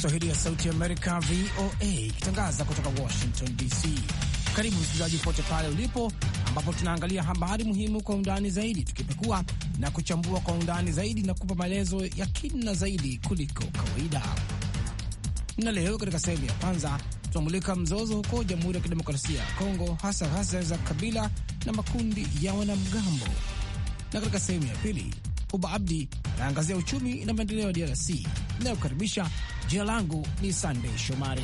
Kiswahili ya Sauti Amerika, VOA, ikitangaza kutoka Washington DC. Karibu msikilizaji, pote pale ulipo, ambapo tunaangalia habari muhimu kwa undani zaidi, tukipekua na kuchambua kwa undani zaidi na kupa maelezo ya kina zaidi kuliko kawaida. Na leo katika sehemu ya kwanza tunamulika mzozo huko Jamhuri ya Kidemokrasia ya Kongo, hasa ghasia za kabila na makundi ya wanamgambo, na katika sehemu ya pili Huba Abdi anaangazia uchumi na maendeleo ya DRC inayokaribisha Jina langu ni Sandey Shomari.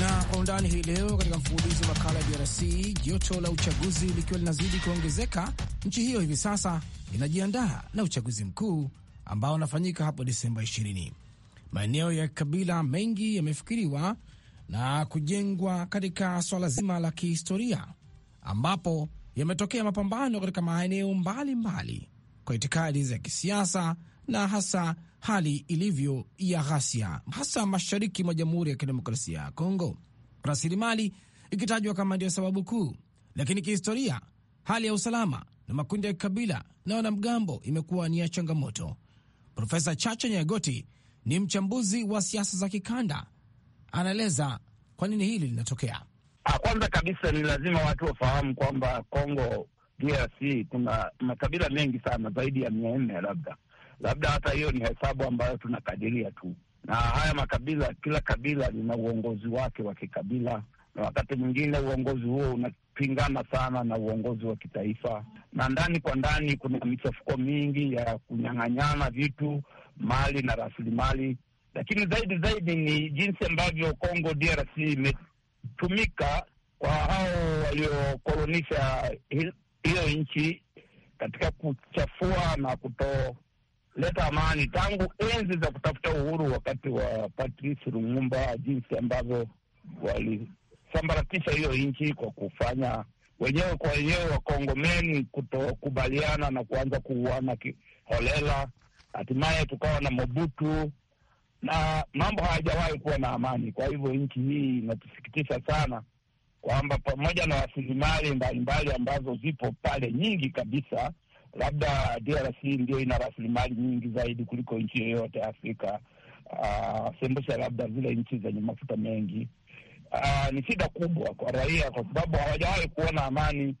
Na kwa undani hii leo katika mfululizo wa makala ya DRC, joto la uchaguzi likiwa linazidi kuongezeka, nchi hiyo hivi sasa inajiandaa na uchaguzi mkuu ambao unafanyika hapo disemba 20. Maeneo ya kabila mengi yamefikiriwa na kujengwa katika swala zima la kihistoria ambapo yametokea mapambano katika maeneo mbalimbali kwa itikadi za kisiasa na hasa hali ilivyo ya ghasia hasa mashariki mwa Jamhuri ya Kidemokrasia ya Kongo, rasilimali ikitajwa kama ndiyo sababu kuu. Lakini kihistoria, hali ya usalama na makundi ya kikabila na wanamgambo imekuwa ni ya changamoto. Profesa Chacha Nyagoti ni mchambuzi wa siasa za kikanda, anaeleza kwa nini hili linatokea. Ah, kwanza kabisa ni lazima watu wafahamu kwamba kongo DRC kuna makabila mengi sana, zaidi ya mia nne labda labda, hata hiyo ni hesabu ambayo tunakadiria tu, na haya makabila, kila kabila lina uongozi wake wa kikabila, na wakati mwingine uongozi huo unapingana sana na uongozi wa kitaifa, na ndani kwa ndani kuna michafuko mingi ya kunyang'anyana vitu, mali na rasilimali, lakini zaidi zaidi ni jinsi ambavyo Congo DRC tumika kwa hao waliokolonisha hiyo nchi katika kuchafua na kutoleta amani tangu enzi za kutafuta uhuru wakati wa Patrice Lumumba, jinsi ambavyo walisambaratisha hiyo nchi kwa kufanya wenyewe kwa wenyewe Wakongomeni kutokubaliana na kuanza kuuana kiholela. Hatimaye tukawa na Mobutu na mambo hayajawahi kuwa na amani. Kwa hivyo nchi hii inatusikitisha sana kwamba pamoja na rasilimali mbalimbali ambazo zipo pale nyingi kabisa, labda DRC ndio ina rasilimali nyingi zaidi kuliko nchi yoyote Afrika, uh, sembusha labda zile nchi zenye mafuta mengi. Uh, ni shida kubwa kwa raia, kwa sababu hawajawahi kuona amani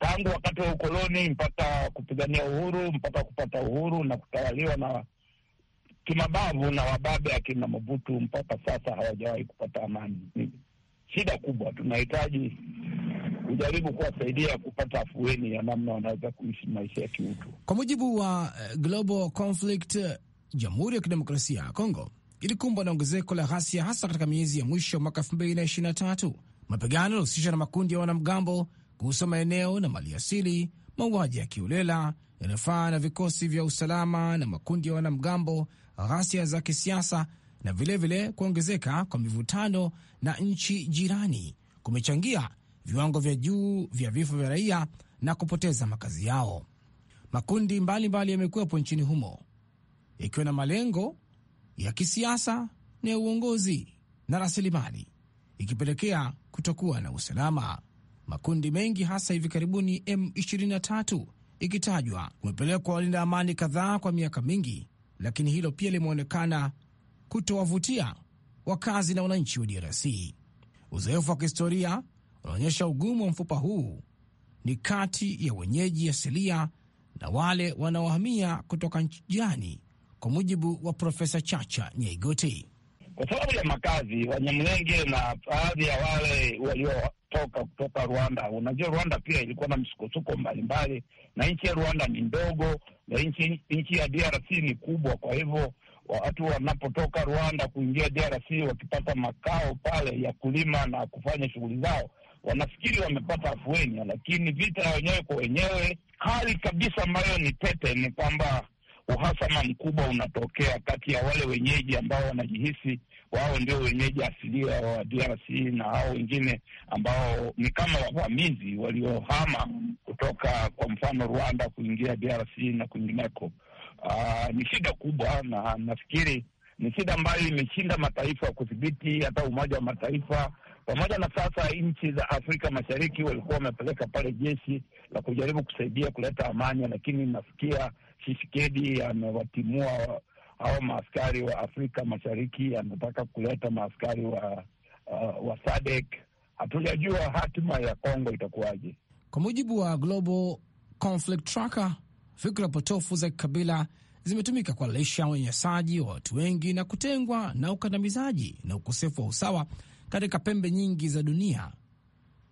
tangu wakati wa ukoloni mpaka kupigania uhuru mpaka kupata uhuru na kutawaliwa na kimabavu na wababe akina Mobutu mpaka sasa hawajawahi kupata amani. Ni shida kubwa, tunahitaji kujaribu kuwasaidia kupata afueni ya namna wanaweza kuishi maisha ya kiutu. Kwa mujibu wa eh, Global Conflict, eh, Jamhuri ya Kidemokrasia ya Kongo ilikumbwa na ongezeko la ghasia hasa katika miezi ya mwisho mwaka elfu mbili na ishirini na tatu. Mapigano yalihusisha na makundi ya wanamgambo kuhusu maeneo na maliasili, mauaji ya kiulela, yanafaa na vikosi vya usalama na makundi ya wanamgambo ghasia za kisiasa na vilevile kuongezeka kwa mivutano na nchi jirani kumechangia viwango vya juu vya vifo vya raia na kupoteza makazi yao. Makundi mbalimbali yamekuwepo nchini humo ikiwa na malengo ya kisiasa na ya uongozi na rasilimali, ikipelekea kutokuwa na usalama. Makundi mengi hasa hivi karibuni M23 ikitajwa kumepelekwa walinda amani kadhaa kwa miaka mingi lakini hilo pia limeonekana kutowavutia wakazi na wananchi wa DRC. Uzoefu wa kihistoria unaonyesha ugumu wa mfupa huu ni kati ya wenyeji asilia na wale wanaohamia kutoka nchi jirani, kwa mujibu wa Profesa Chacha Nyaigoti kwa sababu ya makazi. wanyamlenge na baadhi ya wale waliotoka kutoka Rwanda, unajua Rwanda pia ilikuwa na msukosuko mbalimbali, na nchi ya Rwanda ni ndogo na nchi, nchi ya DRC ni kubwa, kwa hivyo watu wanapotoka Rwanda kuingia DRC wakipata makao pale ya kulima na kufanya shughuli zao, wanafikiri wamepata afueni, lakini vita ya wenyewe kwa wenyewe, hali kabisa ambayo ni tete, ni kwamba uhasama mkubwa unatokea kati ya wale wenyeji ambao wanajihisi wao ndio wenyeji asilia wa DRC na hao wengine ambao ni kama wavamizi waliohama kutoka kwa mfano Rwanda kuingia DRC na kwingineko. Ah, ni shida kubwa, na nafikiri ni shida ambayo imeshinda mataifa ya kudhibiti, hata Umoja wa Mataifa pamoja na sasa nchi za Afrika Mashariki walikuwa wamepeleka pale jeshi la kujaribu kusaidia kuleta amani, lakini nafikia Tshisekedi amewatimua hao maaskari wa Afrika Mashariki, anataka kuleta maaskari wa, uh, wa SADC. Hatujajua hatima ya Kongo itakuwaje. Kwa mujibu wa Global Conflict Tracker, fikra potofu za kikabila zimetumika kuhalalisha unyanyasaji wa watu wengi na kutengwa na ukandamizaji na ukosefu wa usawa katika pembe nyingi za dunia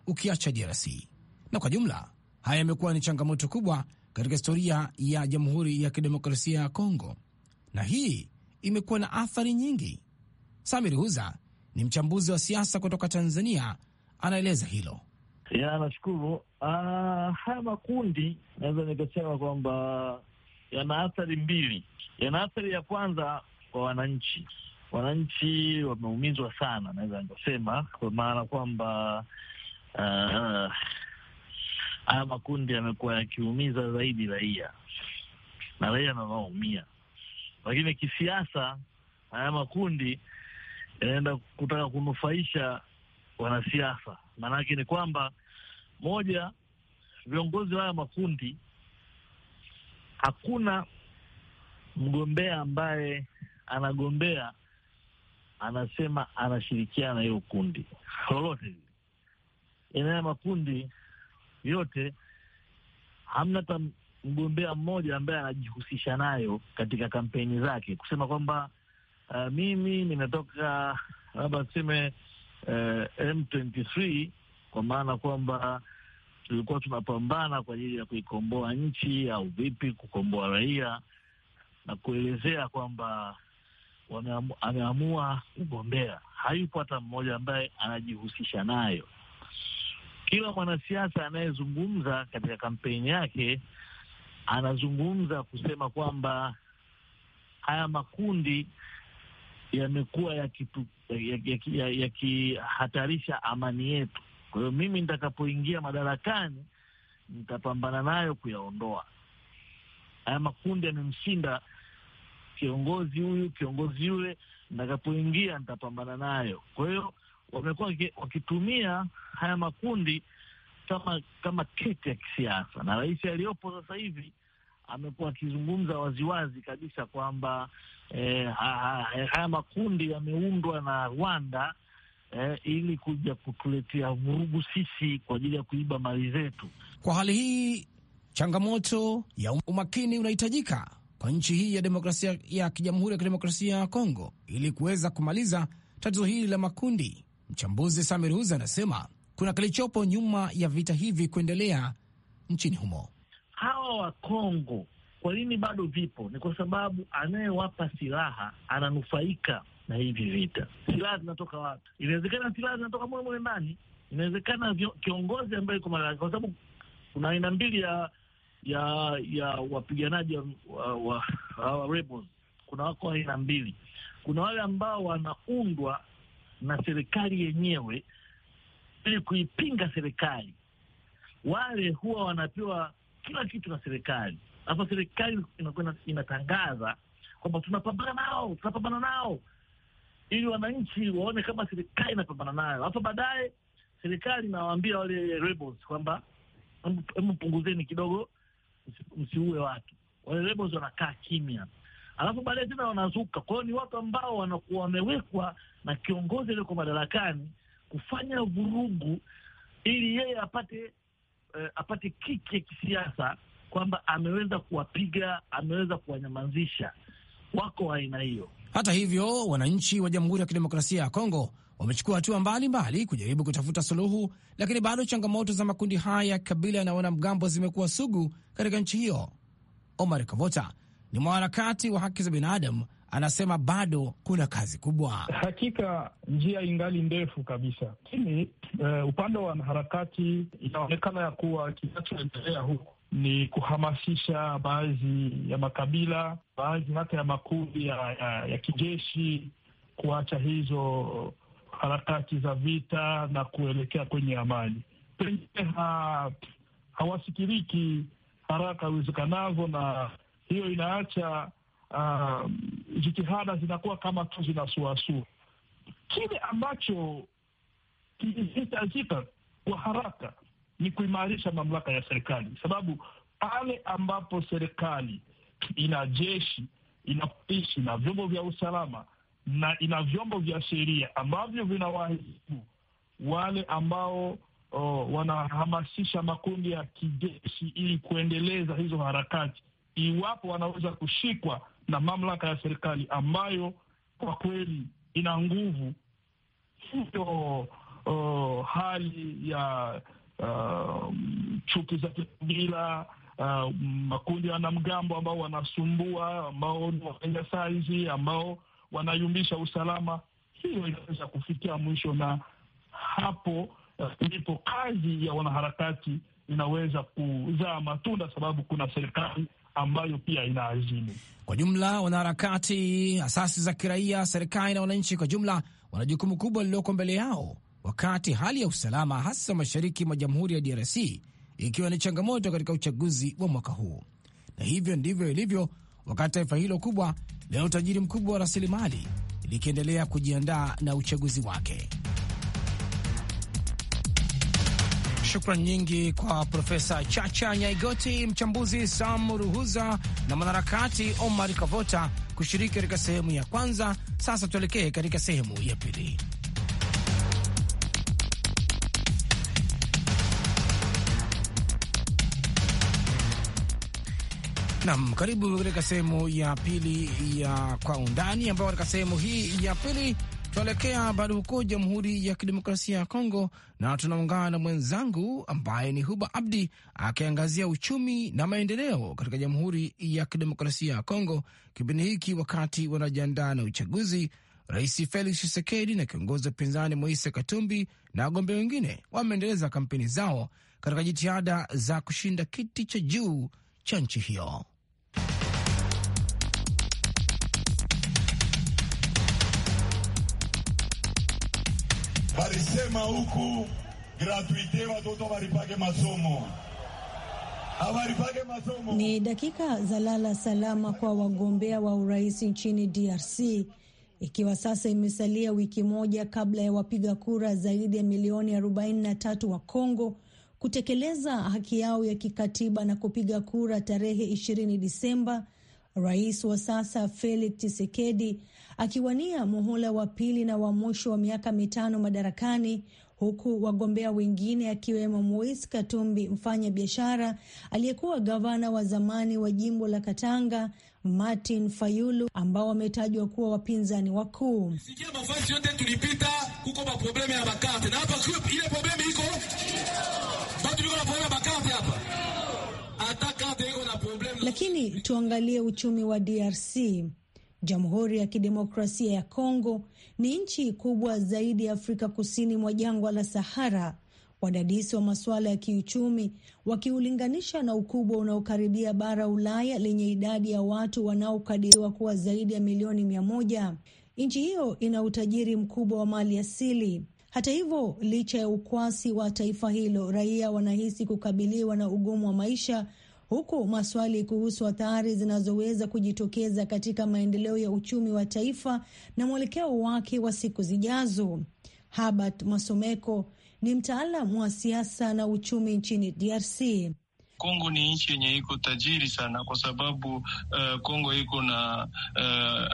ukiacha DRC. Na kwa jumla haya yamekuwa ni changamoto kubwa katika historia ya Jamhuri ya Kidemokrasia ya Kongo, na hii imekuwa na athari nyingi. Samir Huza ni mchambuzi wa siasa kutoka Tanzania, anaeleza hilo. Ya, nashukuru. Ah, haya makundi naweza nikasema kwamba yana athari mbili. Yana athari ya kwanza kwa wananchi. Wananchi wameumizwa sana, naweza nikasema kwa maana kwamba uh, haya makundi yamekuwa yakiumiza zaidi raia na raia na wanaoumia, lakini kisiasa haya makundi yanaenda kutaka kunufaisha wanasiasa. Maanake ni kwamba moja, viongozi wa haya makundi, hakuna mgombea ambaye anagombea anasema anashirikiana na hiyo kundi lolote lile. Yaani haya makundi yote hamna hata mgombea mmoja ambaye anajihusisha nayo katika kampeni zake, kusema kwamba uh, mimi nimetoka labda tuseme uh, M23 kwa maana kwamba tulikuwa tunapambana kwa ajili ya kuikomboa nchi au vipi, kukomboa raia na kuelezea kwamba ameamua kugombea. Hayupo hata mmoja ambaye anajihusisha nayo kila mwanasiasa anayezungumza katika kampeni yake anazungumza kusema kwamba haya makundi yamekuwa yakihatarisha ya, ya, ya, ya amani yetu. Kwa hiyo mimi nitakapoingia madarakani nitapambana nayo kuyaondoa haya makundi. Yamemshinda kiongozi huyu, kiongozi yule, nitakapoingia nitapambana nayo. Kwa hiyo wamekuwa wakitumia haya makundi kama kama kete ya kisiasa, na rais aliyopo sasa hivi amekuwa akizungumza waziwazi kabisa kwamba eh, haya ha, haya makundi yameundwa na Rwanda eh, ili kuja kutuletea vurugu sisi kwa ajili ya kuiba mali zetu. Kwa hali hii, changamoto ya umakini unahitajika kwa nchi hii ya demokrasia ya kijamhuri ya kidemokrasia ya Kongo ili kuweza kumaliza tatizo hili la makundi Mchambuzi Samir Uza anasema kuna kilichopo nyuma ya vita hivi kuendelea nchini humo. Hawa Wakongo kwa nini bado vipo? Ni kwa sababu anayewapa silaha ananufaika na hivi vita. Silaha zinatoka wapi? Inawezekana silaha zinatoka mule mule ndani, inawezekana kiongozi ambaye yuko madaraka, kwa sababu kuna aina mbili ya ya ya wapiganaji wa, wa, wa rebels. Kuna wako aina mbili, kuna wale ambao wanaundwa na serikali yenyewe ili kuipinga serikali. Wale huwa wanapewa kila kitu na serikali, hasa serikali inakuwa inatangaza kwamba tunapambana nao, tunapambana nao, ili wananchi waone kama serikali inapambana nayo. Hapa baadaye serikali inawaambia wale rebels kwamba hebu punguzeni kidogo, msiue watu. Wale rebels wanakaa kimya alafu baadaye tena wanazuka. Kwa hiyo ni watu ambao wanakuwa wamewekwa na kiongozi aliyoko madarakani kufanya vurugu ili yeye apate eh, apate kiki ya kisiasa kwamba ameweza kuwapiga, ameweza kuwanyamazisha. Wako wa aina hiyo. Hata hivyo, wananchi wa Jamhuri ya Kidemokrasia ya Kongo wamechukua hatua mbalimbali kujaribu kutafuta suluhu, lakini bado changamoto za makundi haya ya kabila na wanamgambo zimekuwa sugu katika nchi hiyo. Omar Kavota ni mwanaharakati wa haki za binadamu anasema bado kuna kazi kubwa. Hakika njia ingali ndefu kabisa, lakini uh, upande wa wanaharakati inaonekana ya kuwa kinachoendelea huku ni kuhamasisha baadhi ya makabila, baadhi hata ya makundi ya, ya, ya kijeshi kuacha hizo harakati za vita na kuelekea kwenye amani. Pengine ha, hawasikiriki haraka iwezekanavyo na hiyo inaacha uh, jitihada zinakuwa kama tu zinasuasua. Kile ambacho kinahitajika kwa haraka ni kuimarisha mamlaka ya serikali, sababu pale ambapo serikali ina jeshi, ina polisi na vyombo vya usalama na ina vyombo vya sheria ambavyo vinawahibu wale ambao oh, wanahamasisha makundi ya kijeshi ili kuendeleza hizo harakati iwapo wanaweza kushikwa na mamlaka ya serikali ambayo kwa kweli ina nguvu. Hiyo uh, hali ya uh, chuki za kikabila uh, makundi ya wanamgambo ambao wanasumbua, ambao ni saizi, ambao wanayumbisha usalama, hiyo inaweza kufikia mwisho, na hapo uh, ndipo uh, kazi ya wanaharakati inaweza kuzaa matunda, sababu kuna serikali ambayo pia inaazimu. Kwa jumla, wanaharakati, asasi za kiraia, serikali na wananchi kwa jumla wana jukumu kubwa lililoko mbele yao, wakati hali ya usalama hasa mashariki mwa jamhuri ya DRC ikiwa ni changamoto katika uchaguzi wa mwaka huu. Na hivyo ndivyo ilivyo wakati taifa hilo kubwa lenye utajiri mkubwa wa rasilimali likiendelea kujiandaa na uchaguzi wake. Shukran nyingi kwa Profesa Chacha Nyaigoti, mchambuzi Sam Ruhuza na mwanaharakati Omar Kavota kushiriki katika sehemu ya kwanza. Sasa tuelekee katika sehemu ya pili. Nam, karibu katika sehemu ya pili ya Kwa Undani, ambayo katika sehemu hii ya pili Tunaelekea bado huko Jamhuri ya Kidemokrasia ya Kongo na tunaungana na mwenzangu ambaye ni Huba Abdi akiangazia uchumi na maendeleo katika Jamhuri ya Kidemokrasia ya Kongo kipindi hiki wakati wanajiandaa na uchaguzi. Rais Felix Tshisekedi na kiongozi wa upinzani Moise Katumbi na wagombea wengine wameendeleza kampeni zao katika jitihada za kushinda kiti cha juu cha nchi hiyo. alisema huku gratuite watoto baripake masomo ni dakika za lala salama kwa wagombea wa urais nchini DRC, ikiwa sasa imesalia wiki moja kabla ya wapiga kura zaidi ya milioni 43 wa Kongo kutekeleza haki yao ya kikatiba na kupiga kura tarehe 20 Disemba Rais wa sasa Felix Tshisekedi akiwania muhula wa pili na wa mwisho wa miaka mitano madarakani huku wagombea wengine akiwemo Moise Katumbi, mfanya biashara aliyekuwa gavana wa zamani wa jimbo la Katanga, Martin Fayulu, ambao wametajwa kuwa wapinzani wakuu. Sikia mafasi yote tulipita, kuko maprobleme ya makate na hapa ile probleme iko na Lakini tuangalie uchumi wa DRC. Jamhuri ya Kidemokrasia ya Kongo ni nchi kubwa zaidi ya Afrika kusini mwa jangwa la Sahara, wadadisi wa masuala ya kiuchumi wakiulinganisha na ukubwa unaokaribia bara Ulaya lenye idadi ya watu wanaokadiriwa kuwa zaidi ya milioni mia moja. Nchi hiyo ina utajiri mkubwa wa mali asili. Hata hivyo, licha ya ukwasi wa taifa hilo, raia wanahisi kukabiliwa na ugumu wa maisha huku maswali kuhusu athari zinazoweza kujitokeza katika maendeleo ya uchumi wa taifa na mwelekeo wake wa siku zijazo. Herbert Masomeko ni mtaalamu wa siasa na uchumi nchini DRC. Kongo ni nchi yenye iko tajiri sana kwa sababu uh, Kongo iko na uh,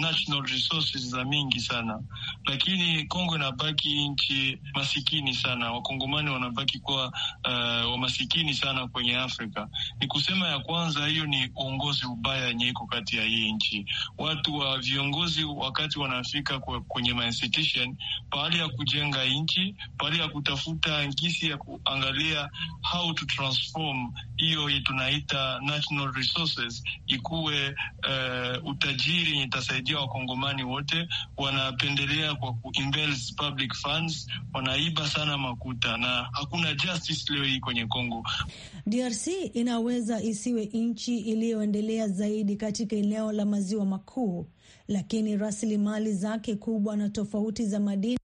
national resources za mingi sana, lakini Kongo inabaki nchi masikini sana. Wakongomani wanabaki kuwa uh, eh, wamasikini sana kwenye Afrika. Ni kusema ya kwanza, hiyo ni uongozi ubaya yenye iko kati ya hii nchi. Watu wa viongozi wakati wanafika kwenye ma-institution, pahali ya kujenga nchi, pahali ya kutafuta ngisi ya kuangalia how to transform hiyo tunaita national resources ikuwe uh, utajiri yenye itasaidia wakongomani wote. Wanapendelea kwa kuinvest public funds, wanaiba sana makuta na hakuna justice leo hii kwenye Kongo. DRC inaweza isiwe nchi iliyoendelea zaidi katika eneo la maziwa makuu, lakini rasilimali zake kubwa na tofauti za madini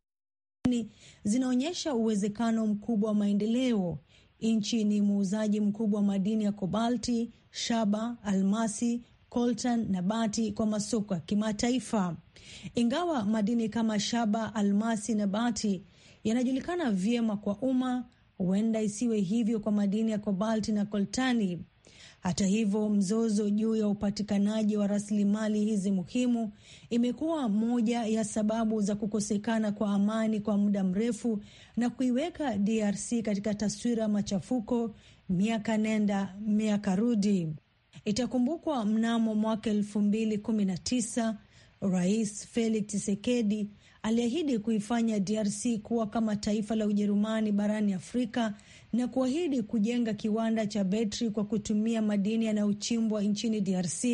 zinaonyesha uwezekano mkubwa wa maendeleo Nchi ni muuzaji mkubwa wa madini ya kobalti, shaba, almasi, coltan na bati kwa masoko ya kimataifa. Ingawa madini kama shaba, almasi na bati yanajulikana vyema kwa umma, huenda isiwe hivyo kwa madini ya kobalti na coltani. Hata hivyo, mzozo juu ya upatikanaji wa rasilimali hizi muhimu imekuwa moja ya sababu za kukosekana kwa amani kwa muda mrefu na kuiweka DRC katika taswira machafuko miaka nenda miaka rudi. Itakumbukwa mnamo mwaka elfu mbili kumi na tisa Rais Felix Tshisekedi aliahidi kuifanya DRC kuwa kama taifa la Ujerumani barani Afrika na kuahidi kujenga kiwanda cha betri kwa kutumia madini yanayochimbwa nchini DRC,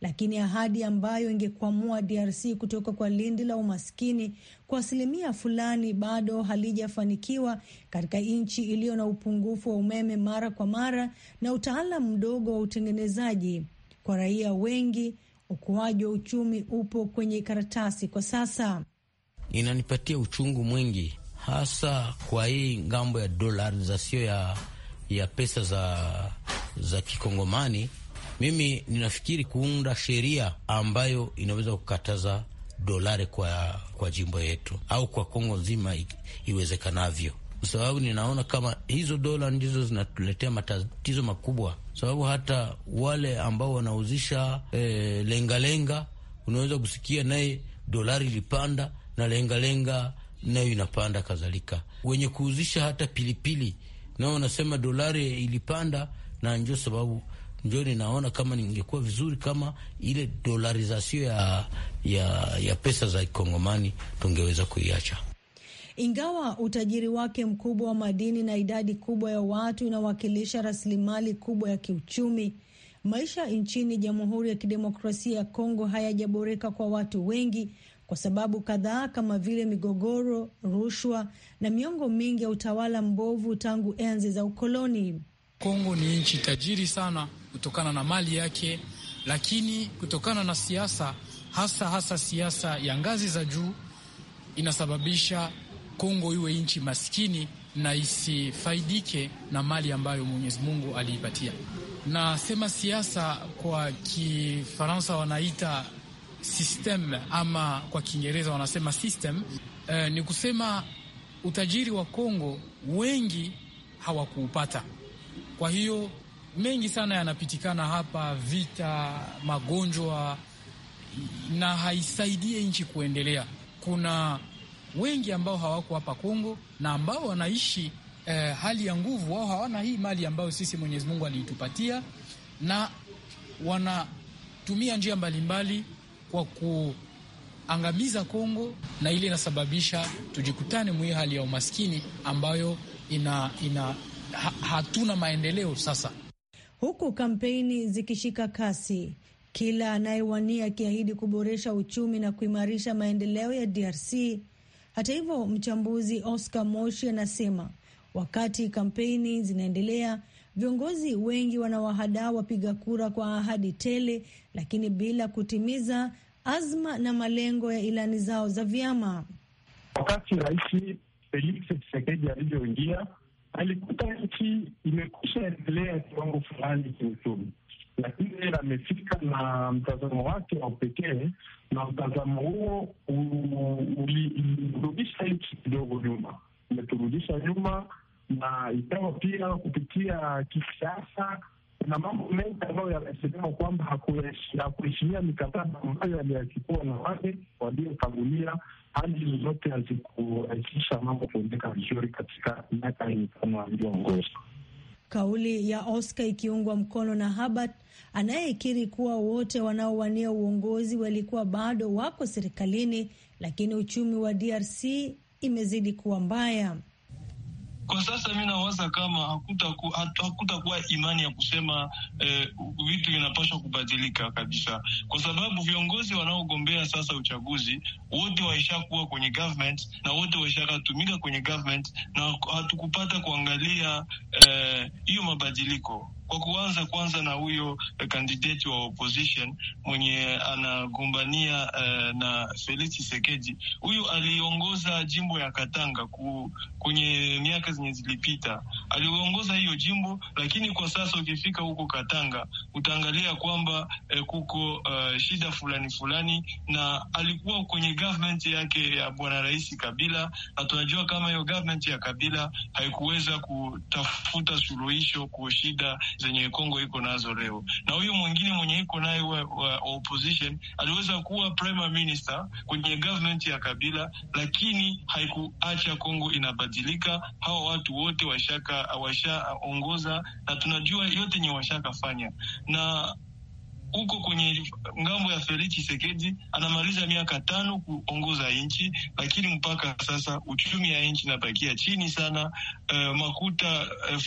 lakini ahadi ambayo ingekwamua DRC kutoka kwa lindi la umaskini kwa asilimia fulani bado halijafanikiwa katika nchi iliyo na upungufu wa umeme mara kwa mara na utaalam mdogo wa utengenezaji. Kwa raia wengi, ukuaji wa uchumi upo kwenye karatasi kwa sasa inanipatia uchungu mwingi, hasa kwa hii ngambo ya dolarizasio ya, ya pesa za, za kikongomani. Mimi ninafikiri kuunda sheria ambayo inaweza kukataza dolari kwa, kwa jimbo yetu au kwa Kongo nzima iwezekanavyo, kwa sababu ninaona kama hizo dola ndizo zinatuletea matatizo makubwa, sababu hata wale ambao wanauzisha e, lengalenga unaweza kusikia naye dolari ilipanda na lengalenga nayo inapanda kadhalika. Wenye kuuzisha hata pilipili nao wanasema dolari ilipanda, na njo sababu njo ninaona kama ningekuwa vizuri kama ile dolarizasio ya, ya, ya pesa za kongomani tungeweza kuiacha. Ingawa utajiri wake mkubwa wa madini na idadi kubwa ya watu inawakilisha rasilimali kubwa ya kiuchumi, maisha nchini Jamhuri ya Kidemokrasia ya Kongo hayajaboreka kwa watu wengi kwa sababu kadhaa kama vile migogoro, rushwa na miongo mingi ya utawala mbovu tangu enzi za ukoloni. Kongo ni nchi tajiri sana kutokana na mali yake, lakini kutokana na siasa, hasa hasa siasa ya ngazi za juu, inasababisha Kongo iwe nchi maskini na isifaidike na mali ambayo Mwenyezi Mungu aliipatia. Nasema siasa kwa Kifaransa wanaita system ama kwa Kiingereza wanasema system. Uh, ni kusema utajiri wa Kongo wengi hawakuupata. Kwa hiyo mengi sana yanapitikana hapa, vita, magonjwa, na haisaidie nchi kuendelea. Kuna wengi ambao hawako hapa Kongo na ambao wanaishi eh, hali ya nguvu. Wao hawana hii mali ambayo sisi Mwenyezi Mungu aliitupatia, na wanatumia njia mbalimbali wa kuangamiza Kongo, na ile inasababisha tujikutane mwi hali ya umaskini ambayo ina, ina ha, hatuna maendeleo sasa, huku kampeni zikishika kasi kila anayewania akiahidi kuboresha uchumi na kuimarisha maendeleo ya DRC. Hata hivyo, mchambuzi Oscar Moshi anasema wakati kampeni zinaendelea, viongozi wengi wanawahadaa wapiga kura kwa ahadi tele, lakini bila kutimiza azma na malengo ya ilani zao za vyama. Wakati Rais Felix Tshisekedi alivyoingia, alikuta nchi imekwisha endelea kiwango fulani kiuchumi, lakini amefika na mtazamo wake wa upekee, na mtazamo huo ulirudisha nchi kidogo nyuma, umeturudisha nyuma na ikawa pia kupitia kisiasa na mambo mengi ambayo yamesemewa kwamba hakuheshimia mikataba ambayo aliyakipoa na wale waliotangulia, hali zote hazikurahisisha mambo kuendeka vizuri katika miaka hii mitano aliyoongoza. Kauli ya Oscar ikiungwa mkono na Habart anayekiri kuwa wote wanaowania uongozi walikuwa bado wako serikalini, lakini uchumi wa DRC imezidi kuwa mbaya. Kwa sasa mi nawaza kama hakutakuwa hakuta imani ya kusema eh, vitu vinapaswa kubadilika kabisa, kwa sababu viongozi wanaogombea sasa uchaguzi wote waishakuwa kwenye government na wote waishakatumika kwenye government na hatukupata kuangalia eh, hiyo eh, mabadiliko kwa kuanza kwanza na huyo kandidati eh, wa opposition mwenye anagombania uh, na Felix Tshisekedi. Huyu aliongoza jimbo ya Katanga ku, kwenye miaka zenye zilipita aliongoza hiyo jimbo, lakini kwa sasa ukifika huko Katanga utaangalia kwamba eh, kuko uh, shida fulani fulani, na alikuwa kwenye government yake ya bwana rais Kabila, na tunajua kama hiyo government ya Kabila haikuweza kutafuta suluhisho kwa shida zenye Kongo iko nazo leo, na huyu mwingine mwenye iko naye wa, wa opposition aliweza kuwa prime minister kwenye government ya Kabila, lakini haikuacha Kongo inabadilika. Hawa watu wote washaongoza na tunajua yote yenye washakafanya na uko kwenye ngambo ya Felix Tshisekedi, anamaliza miaka tano kuongoza nchi, lakini mpaka sasa uchumi ya nchi inabakia chini sana. Uh, makuta uh,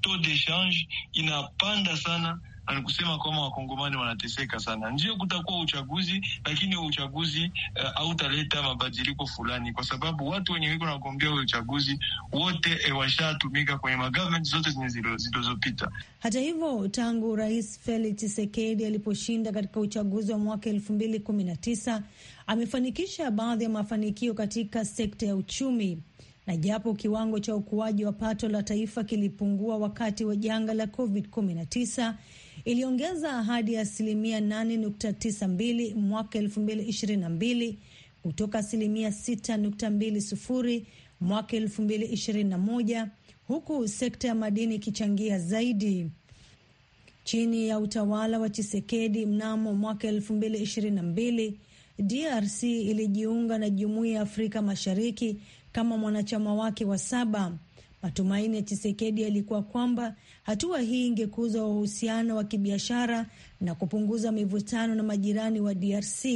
taux de change inapanda sana anakusema kwamba wakongomani wanateseka sana. Ndio kutakuwa uchaguzi, lakini uchaguzi eh, hautaleta uh, mabadiliko fulani, kwa sababu watu wenye wiko nagombea huyo uchaguzi wote eh, washatumika kwenye magavment zote zenye zilizopita. Hata hivyo, tangu Rais Felix Tshisekedi aliposhinda katika uchaguzi wa mwaka elfu mbili kumi na tisa amefanikisha baadhi ya mafanikio katika sekta ya uchumi na japo kiwango cha ukuaji wa pato la taifa kilipungua wakati wa janga la COVID-19, iliongeza hadi asilimia 8.92 mwaka 2022 kutoka asilimia 6.20 mwaka 2021 huku sekta ya madini ikichangia zaidi. Chini ya utawala wa Chisekedi mnamo mwaka 2022 DRC ilijiunga na Jumuiya ya Afrika Mashariki kama mwanachama wake wa saba. Matumaini ya Chisekedi yalikuwa kwamba hatua hii ingekuza uhusiano wa kibiashara na kupunguza mivutano na majirani wa DRC.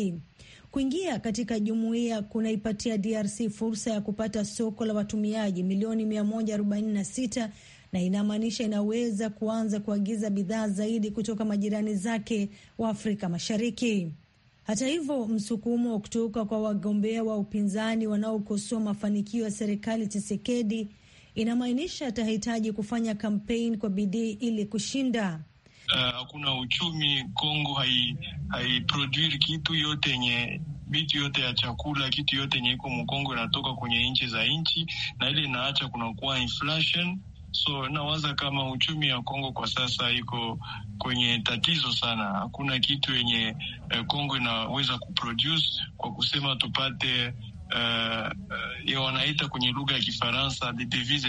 Kuingia katika jumuiya kunaipatia DRC fursa ya kupata soko la watumiaji milioni 146 na inamaanisha inaweza kuanza kuagiza bidhaa zaidi kutoka majirani zake wa Afrika Mashariki. Hata hivyo, msukumo wa kutoka kwa wagombea wa upinzani wanaokosoa mafanikio ya serikali Chisekedi inamaanisha atahitaji kufanya kampeni kwa bidii ili kushinda. Uh, hakuna uh, uchumi Kongo haiprodui hai kitu yote yenye vitu yote ya chakula kitu yote yenye iko mkongo inatoka kwenye nchi za nchi, na ile inaacha kunakuwa inflation. So nawaza kama uchumi ya Kongo kwa sasa iko kwenye tatizo sana. Hakuna kitu yenye eh, Kongo inaweza kuproduce kwa kusema tupate uh, wanaita kwenye lugha ya Kifaransa des devises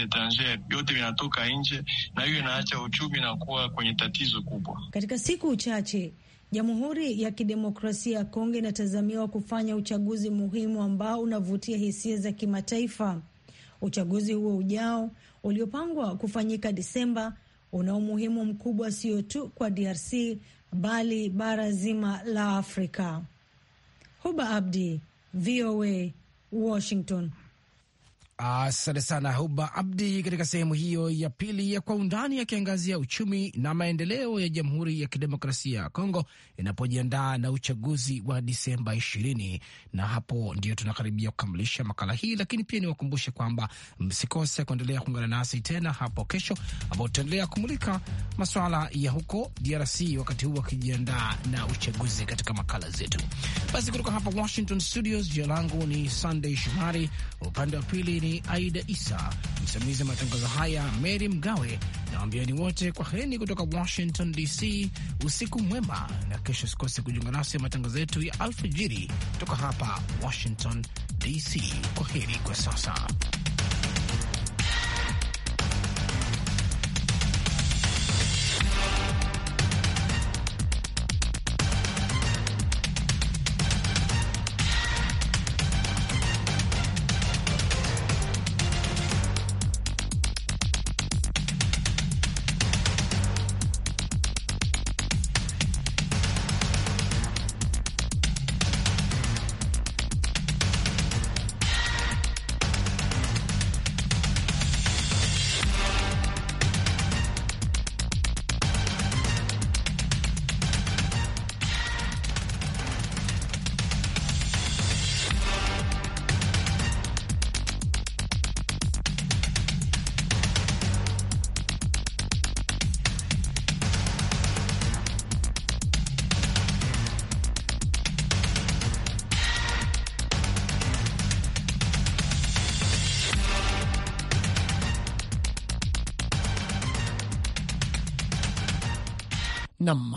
yote vinatoka nje, na hiyo inaacha uchumi na kuwa kwenye tatizo kubwa. Katika siku chache Jamhuri ya Kidemokrasia ya Kongo inatazamiwa kufanya uchaguzi muhimu ambao unavutia hisia za kimataifa. Uchaguzi huo ujao uliopangwa kufanyika Desemba una umuhimu mkubwa sio tu kwa DRC bali bara zima la Afrika. Huba Abdi, VOA, Washington. Asante sana Huba Abdi katika sehemu hiyo ya pili ya Kwa Undani, akiangazia uchumi na maendeleo ya Jamhuri ya Kidemokrasia ya Kongo inapojiandaa na uchaguzi wa Disemba ishirini. Na hapo ndio tunakaribia kukamilisha makala hii, lakini pia niwakumbushe kwamba msikose kuendelea kuungana nasi tena hapo kesho, ambao tutaendelea kumulika maswala ya huko DRC wakati huu wakijiandaa na uchaguzi katika makala zetu. Basi kutoka hapa Washington Studios, jina langu ni Sandey Shomari, upande wa pili ni Aida Isa, msimamizi wa matangazo haya Mary Mgawe na wambiani wote, kwa heni kutoka Washington DC. Usiku mwema, na kesho sikose kujiunga nasi matangazo yetu ya alfajiri kutoka hapa Washington DC. Kwa heri kwa sasa.